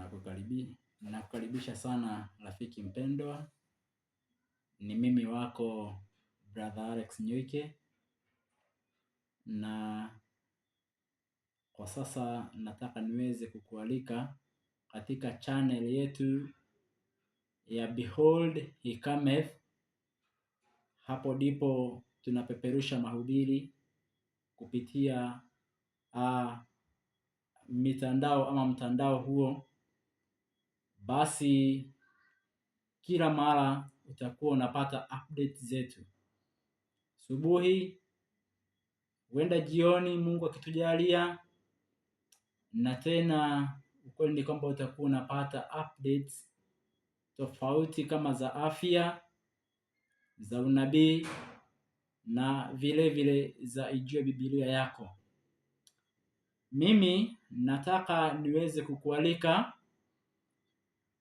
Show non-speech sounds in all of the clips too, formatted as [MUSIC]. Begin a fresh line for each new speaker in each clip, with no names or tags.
Nakukaribisha nakukaribisha sana rafiki mpendwa, ni mimi wako brother Alex Nyoike, na kwa sasa nataka niweze kukualika katika channel yetu ya Behold He Cometh. Hapo ndipo tunapeperusha mahubiri kupitia a, ah, mitandao ama mtandao huo basi kila mara utakuwa unapata update zetu. Subuhi huenda jioni, Mungu akitujalia, na tena ukweli ni kwamba utakuwa unapata updates tofauti kama za afya, za unabii na vile vile za ijue Biblia yako. Mimi nataka niweze kukualika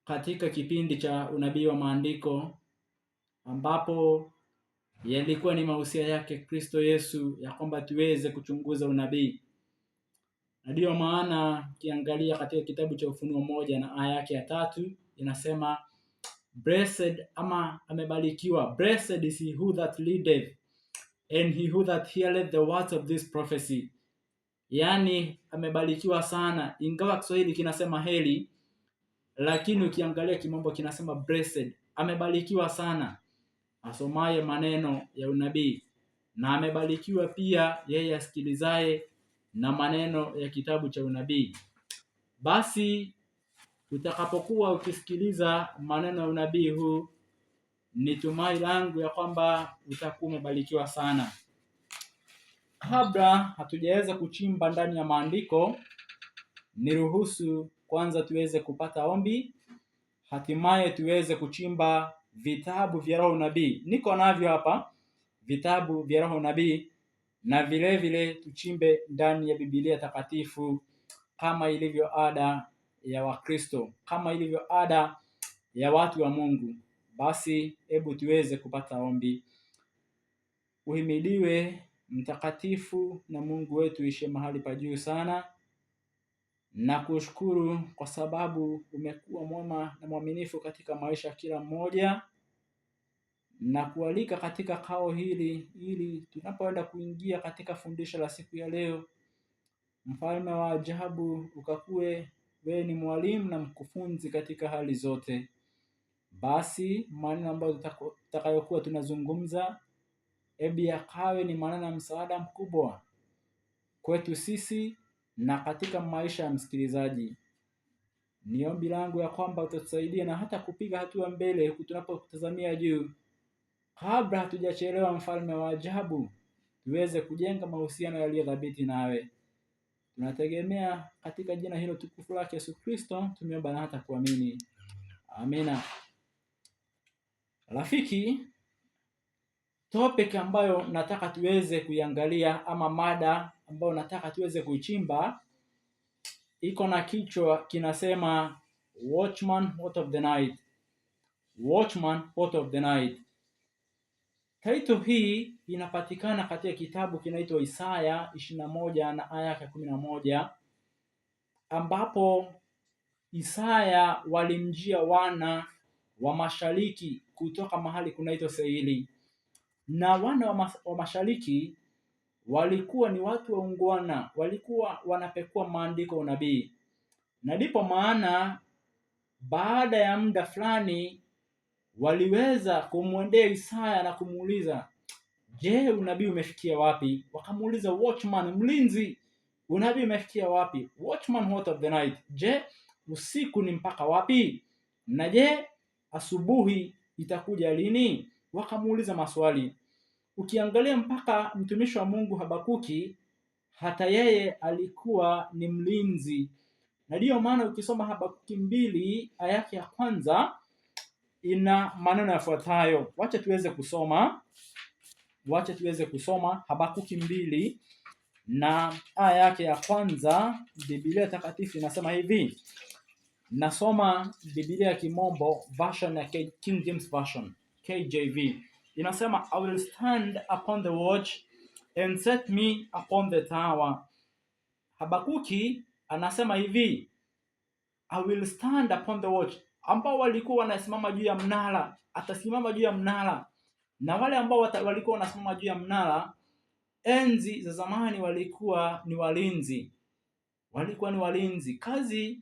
katika kipindi cha unabii wa maandiko ambapo yalikuwa ni mahusia yake Kristo Yesu ya kwamba tuweze kuchunguza unabii. Na ndiyo maana ukiangalia katika kitabu cha Ufunuo moja na aya yake ya tatu inasema Blessed ama amebarikiwa, blessed is he who that leadeth and he who that heareth the words of this prophecy. Yaani amebarikiwa sana, ingawa Kiswahili kinasema heli lakini ukiangalia kimombo kinasema blessed. Amebarikiwa sana asomaye maneno ya unabii na amebarikiwa pia yeye asikilizaye na maneno ya kitabu cha unabii. Basi utakapokuwa ukisikiliza maneno ya unabii huu, ni tumai langu ya kwamba utakuwa umebarikiwa sana. Kabla hatujaweza kuchimba ndani ya maandiko, niruhusu kwanza tuweze kupata ombi, hatimaye tuweze kuchimba vitabu vya roho nabii. Niko navyo hapa vitabu vya roho nabii, na vile vile tuchimbe ndani ya Biblia takatifu kama ilivyo ada ya Wakristo, kama ilivyo ada ya watu wa Mungu. Basi hebu tuweze kupata ombi. Uhimidiwe mtakatifu na Mungu wetu ishe mahali pa juu sana na kushukuru kwa sababu umekuwa mwema na mwaminifu katika maisha ya kila mmoja, na kualika katika kao hili ili tunapoenda kuingia katika fundisho la siku ya leo, mfalme wa ajabu ukakue wewe ni mwalimu na mkufunzi katika hali zote. Basi maneno ambayo tutakayokuwa tunazungumza, ebi yakawe ni maneno ya msaada mkubwa kwetu sisi na katika maisha ya msikilizaji. Ni ombi langu ya kwamba utatusaidia na hata kupiga hatua mbele huku tunapotazamia juu, kabla hatujachelewa, mfalme wa ajabu, tuweze kujenga mahusiano yaliyodhabiti nawe. Tunategemea katika jina hilo tukufu lake Yesu Kristo, tumeomba na hata kuamini, amina. Rafiki, topic ambayo nataka tuweze kuiangalia ama mada ambayo nataka tuweze kuichimba iko na kichwa kinasema Watchman What of the Night. Watchman What of the Night. taito hii inapatikana katika kitabu kinaitwa Isaya 21 na aya ya moja ambapo Isaya walimjia wana wa mashariki kutoka mahali kunaitwa seili na wana wa mashariki walikuwa ni watu waungwana, walikuwa wanapekua maandiko unabii, na ndipo maana baada ya muda fulani waliweza kumwendea Isaya na kumuuliza, je, unabii umefikia wapi? Wakamuuliza watchman, mlinzi, unabii umefikia wapi? Watchman what of the night, je, usiku ni mpaka wapi? Na je, asubuhi itakuja lini? Wakamuuliza maswali Ukiangalia mpaka mtumishi wa Mungu Habakuki, hata yeye alikuwa ni mlinzi, na ndiyo maana ukisoma Habakuki mbili aya yake ya kwanza ina maneno yafuatayo. Wacha tuweze kusoma, wacha tuweze kusoma Habakuki mbili na aya yake ya kwanza. Biblia Takatifu inasema hivi, nasoma Biblia ya Kimombo version ya King James version, KJV inasema I will stand upon the watch and set me upon the tower. Habakuki anasema hivi I will stand upon the watch, ambao walikuwa wanasimama juu ya mnara atasimama juu ya mnara, na wale ambao walikuwa wanasimama juu ya mnara enzi za zamani walikuwa ni walinzi, walikuwa ni walinzi. Kazi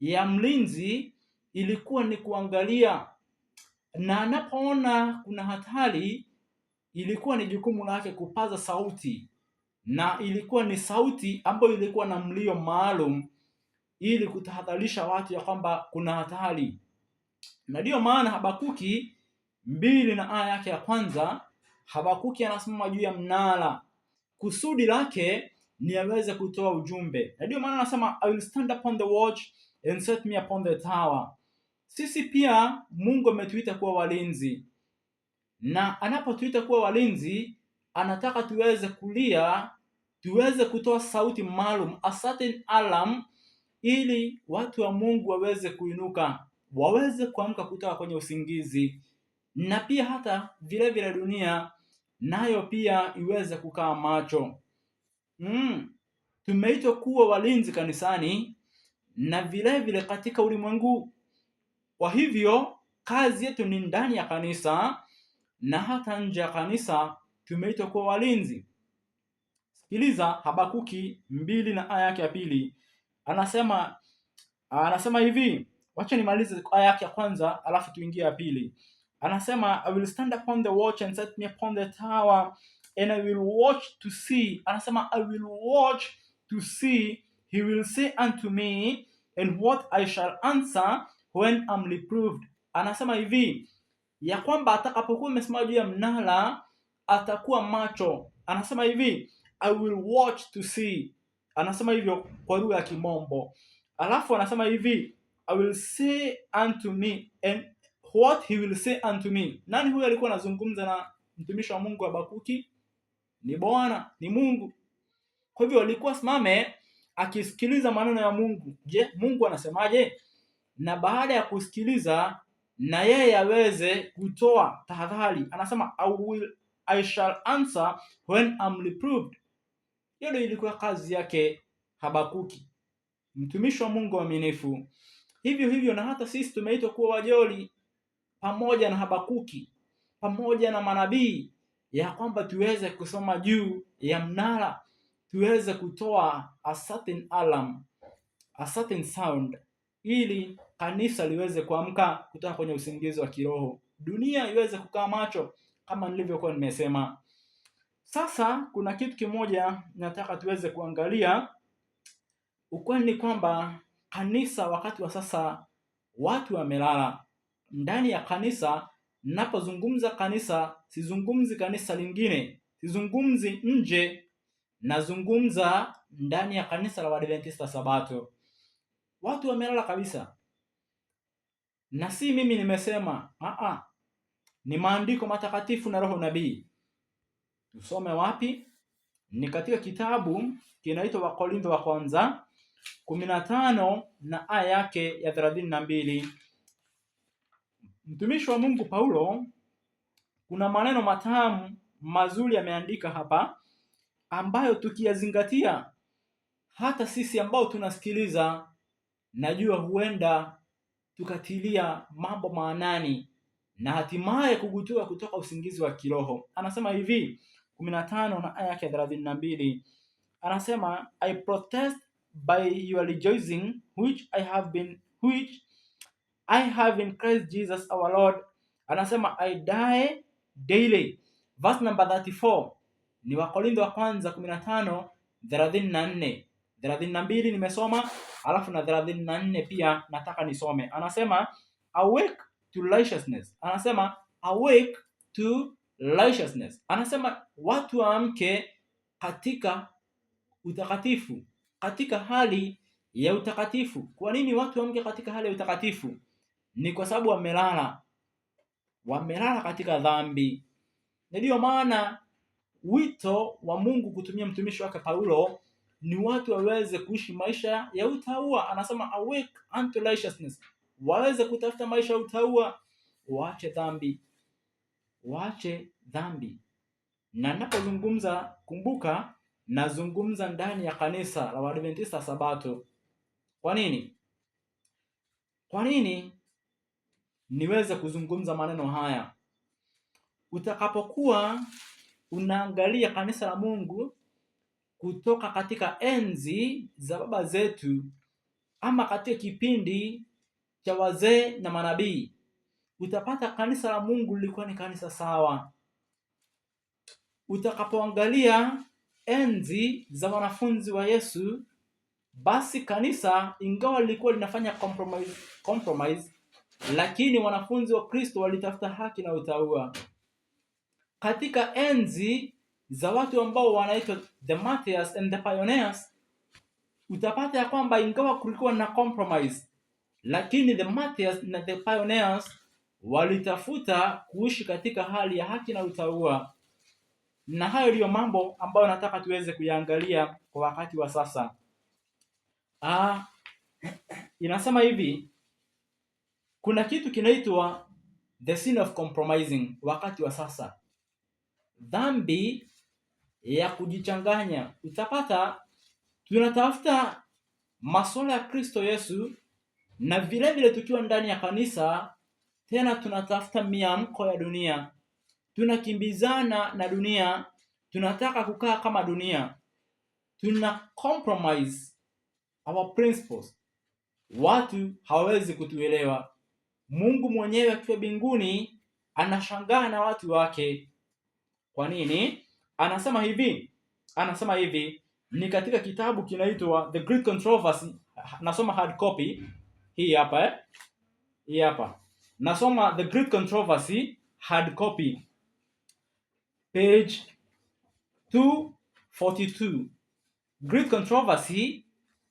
ya mlinzi ilikuwa ni kuangalia na anapoona kuna hatari, ilikuwa ni jukumu lake kupaza sauti, na ilikuwa ni sauti ambayo ilikuwa na mlio maalum, ili kutahadharisha watu ya kwamba kuna hatari. Na ndiyo maana Habakuki mbili na aya yake ya kwanza, Habakuki anasimama juu ya mnara, kusudi lake ni aweze kutoa ujumbe, na ndiyo maana anasema I will stand upon the watch and set me upon the tower sisi pia Mungu ametuita kuwa walinzi, na anapotuita kuwa walinzi anataka tuweze kulia, tuweze kutoa sauti maalum, a certain alarm, ili watu wa Mungu waweze kuinuka, waweze kuamka kutoka kwenye usingizi, na pia hata vilevile dunia nayo pia iweze kukaa macho. Mm. Tumeitwa kuwa walinzi kanisani na vilevile katika ulimwengu kwa hivyo kazi yetu ni ndani ya kanisa na hata nje ya kanisa, tumeitwa kuwa walinzi. Sikiliza Habakuki mbili na aya yake ya pili, anasema anasema hivi, wacha nimalize aya yake ya kwanza alafu tuingie ya pili. Anasema I will stand upon the watch and set me upon the tower and I will watch to see. Anasema I will watch to see he will say unto me and what I shall answer when I'm reproved. Anasema hivi ya kwamba atakapokuwa amesimama juu ya mnara atakuwa macho. Anasema hivi I will watch to see. Anasema hivyo kwa lugha ya Kimombo. Alafu anasema hivi I will say unto me and what he will say unto me. Nani huyo alikuwa anazungumza na mtumishi wa Mungu Habakuki? Ni Bwana, ni Mungu. Kwa hivyo alikuwa simame akisikiliza maneno ya Mungu. Je, Mungu anasemaje? na baada ya kusikiliza na yeye aweze kutoa tahadhari. Anasema I will, I shall answer when I'm reproved. Hiyo ndio ilikuwa kazi yake Habakuki, mtumishi wa Mungu mwaminifu. Hivyo hivyo na hata sisi tumeitwa kuwa wajoli pamoja na Habakuki pamoja na manabii, ya kwamba tuweze kusoma juu ya mnara, tuweze kutoa a certain alarm, a certain sound, ili kanisa liweze kuamka kutoka kwenye usingizi wa kiroho, dunia iweze kukaa macho kama nilivyokuwa nimesema. Sasa kuna kitu kimoja nataka tuweze kuangalia. Ukweli ni kwamba kanisa wakati wa sasa watu wamelala. Ndani ya kanisa, ninapozungumza kanisa, sizungumzi kanisa lingine, sizungumzi nje, nazungumza ndani ya kanisa la Waadventista Sabato. Watu wamelala kabisa na si mimi nimesema. Aa, ni maandiko matakatifu na roho nabii. usome wapi? Ni katika kitabu kinaitwa Wakorintho wa kwanza kumi na tano na aya yake ya thelathini na mbili. Mtumishi wa Mungu Paulo, kuna maneno matamu mazuri yameandika hapa ambayo tukiyazingatia hata sisi ambao tunasikiliza, najua huenda tukatilia mambo maanani na hatimaye kugutua kutoka usingizi wa kiroho. Anasema hivi 15 na aya ya 32, anasema I protest by your rejoicing which I have been which I have in Christ Jesus our Lord. Anasema I die daily. Verse number 34 ni Wakorintho wa kwanza 15 34 32 nimesoma alafu na thelathini na nne pia nataka nisome, anasema awake to righteousness, anasema awake to righteousness, anasema watu waamke katika utakatifu, katika hali ya utakatifu. Kwa nini watu waamke katika hali ya utakatifu? Ni kwa sababu wamelala, wamelala katika dhambi. Ndiyo maana wito wa Mungu kutumia mtumishi wake Paulo ni watu waweze kuishi maisha ya utaua. Anasema awake unto righteousness, waweze kutafuta maisha ya utaua, waache dhambi, waache dhambi. Na ninapozungumza kumbuka, nazungumza ndani ya kanisa la Waadventista Sabato. Kwa nini? Kwa nini niweze kuzungumza maneno haya? Utakapokuwa unaangalia kanisa la Mungu kutoka katika enzi za baba zetu ama katika kipindi cha wazee na manabii, utapata kanisa la Mungu lilikuwa ni kanisa sawa. Utakapoangalia enzi za wanafunzi wa Yesu, basi kanisa ingawa lilikuwa linafanya compromise, compromise, lakini wanafunzi wa Kristo walitafuta haki na utaua Katika enzi za watu ambao wanaitwa the Martyrs and the Pioneers, utapata ya kwamba ingawa kulikuwa na compromise, lakini the Martyrs na the Pioneers walitafuta kuishi katika hali ya haki na utaua na hayo ndiyo mambo ambayo nataka tuweze kuyaangalia kwa wakati wa sasa. Ah, [CLEARS THROAT] inasema hivi, kuna kitu kinaitwa the sin of compromising wakati wa sasa, dhambi ya kujichanganya. Utapata tunatafuta masuala ya Kristo Yesu na vile vile tukiwa ndani ya kanisa tena tunatafuta miamko ya dunia, tunakimbizana na dunia, tunataka kukaa kama dunia, tuna compromise our principles. Watu hawawezi kutuelewa. Mungu mwenyewe akiwa binguni anashangaa na watu wake. Kwa nini? anasema hivi anasema hivi ni katika kitabu kinaitwa The Great Controversy. Nasoma hard copy hii hapa eh? hii hapa nasoma The Great Controversy hard copy page 242. Great Controversy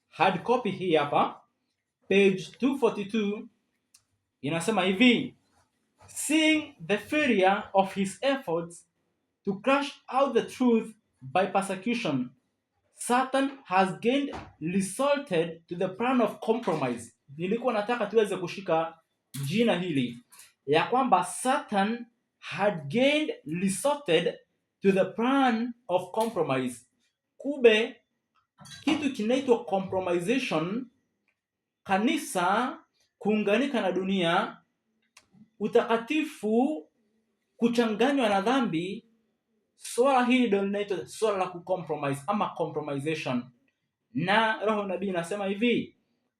hard copy hii hapa page 242 inasema hivi seeing the failure of his efforts to crush out the truth by persecution. Satan has gained resulted to the plan of compromise. Nilikuwa nataka tuweze kushika jina hili ya kwamba Satan had gained resulted to the plan of compromise. Kube kitu kinaitwa compromisation, kanisa kuunganika na dunia, utakatifu kuchanganywa na dhambi swala hili ndio linaitwa swala la kucompromise ama compromisation, na roho nabii nasema hivi,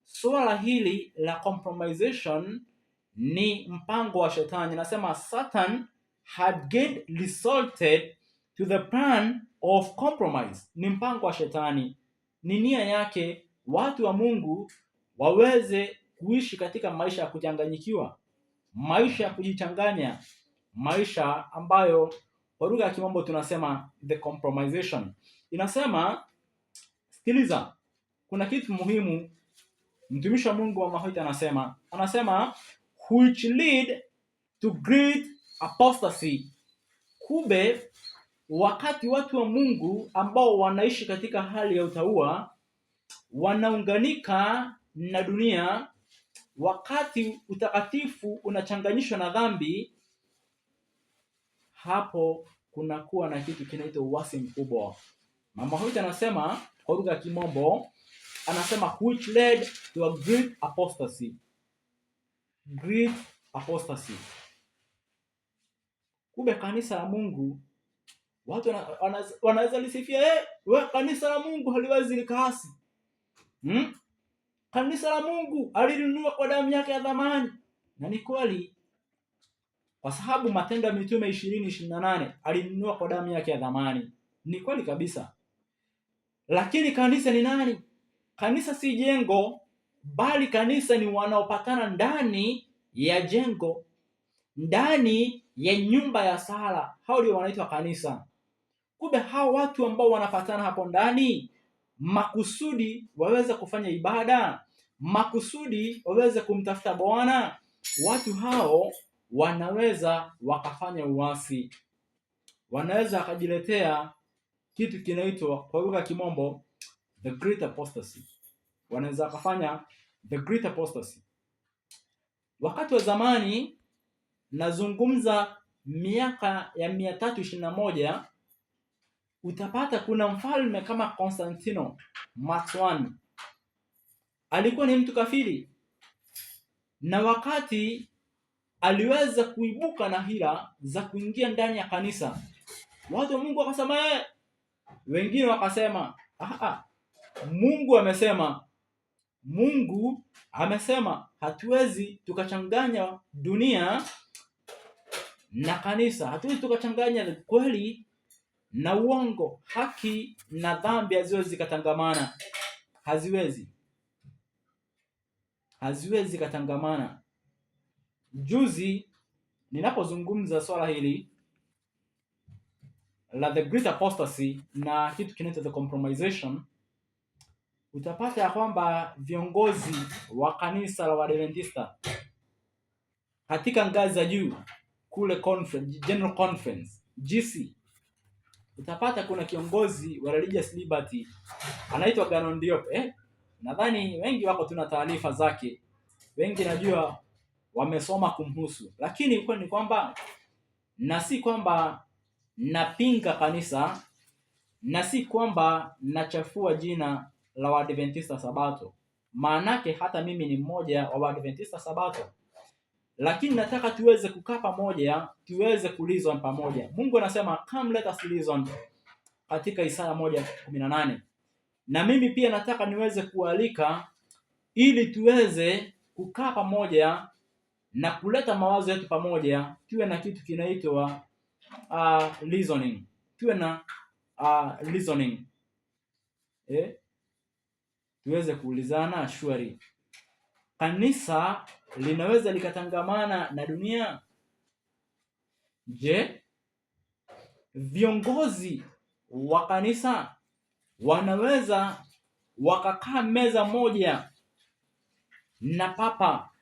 swala hili la compromisation ni mpango wa shetani. Nasema Satan had get resulted to the plan of compromise. Ni mpango wa shetani, ni nia yake watu wa Mungu waweze kuishi katika maisha ya kuchanganyikiwa, maisha ya kujichanganya, maisha ambayo kwa lugha ya kimombo tunasema the compromisation. Inasema sikiliza, kuna kitu muhimu mtumishi wa Mungu wa Mahoita anasema anasema which lead to great apostasy. kube wakati watu wa Mungu ambao wanaishi katika hali ya utaua wanaunganika na dunia, wakati utakatifu unachanganyishwa na dhambi hapo kunakuwa na kitu kinaitwa uwasi mkubwa. Mama huyu anasema kwa lugha ya Kimombo, anasema which led to a great apostasy. Great apostasy. Kumbe kanisa la Mungu watu wanaweza lisifia eh, we kanisa la Mungu haliwezi likaasi. Hmm? Kanisa la Mungu alilinunua kwa damu yake ya dhamani. Na ni kweli kwa sababu Matendo ya Mitume 20:28 alinunua kwa damu yake ya dhamani. Ni kweli kabisa. Lakini kanisa ni nani? Kanisa si jengo, bali kanisa ni wanaopatana ndani ya jengo, ndani ya nyumba ya sala. Hao ndio wanaitwa kanisa. Kumbe hao watu ambao wanapatana hapo ndani makusudi waweze kufanya ibada, makusudi waweze kumtafuta Bwana. Watu hao wanaweza wakafanya uasi, wanaweza wakajiletea kitu kinaitwa kwa lugha ya kimombo the great apostasy. Wanaweza wakafanya the great apostasy. Wakati wa zamani, nazungumza miaka ya mia tatu ishirini na moja utapata kuna mfalme kama Konstantino Matwan alikuwa ni mtu kafiri, na wakati aliweza kuibuka na hila za kuingia ndani ya kanisa. Watu wa Mungu wakasema eh. wengine wakasema aha, ah, Mungu amesema, Mungu amesema, hatuwezi tukachanganya dunia na kanisa, hatuwezi tukachanganya kweli na uongo, haki na dhambi haziwezi zikatangamana, haziwezi haziwezi zikatangamana. Juzi ninapozungumza swala hili la the great apostasy na kitu kinaitwa the compromisation, utapata ya kwamba viongozi wa kanisa la Waadventista katika ngazi za juu kule conference, general conference GC, utapata kuna kiongozi wa religious liberty anaitwa Ganondi eh, nadhani wengi wako tuna taarifa zake, wengi najua wamesoma kumhusu, lakini ukweli ni kwamba, na si kwamba napinga kanisa na si kwamba nachafua jina la Waadventista Sabato, maanake hata mimi ni mmoja wa Waadventista Sabato, lakini nataka tuweze kukaa pamoja, tuweze kulizwa pamoja. Mungu anasema come let us reason katika Isaya moja kumi nane na mimi pia nataka niweze kualika ili tuweze kukaa pamoja na kuleta mawazo yetu pamoja, tuwe na kitu kinaitwa uh, reasoning. Tuwe na uh, reasoning eh, tuweze kuulizana shwari. Kanisa linaweza likatangamana na dunia? Je, viongozi wa kanisa wanaweza wakakaa meza moja na papa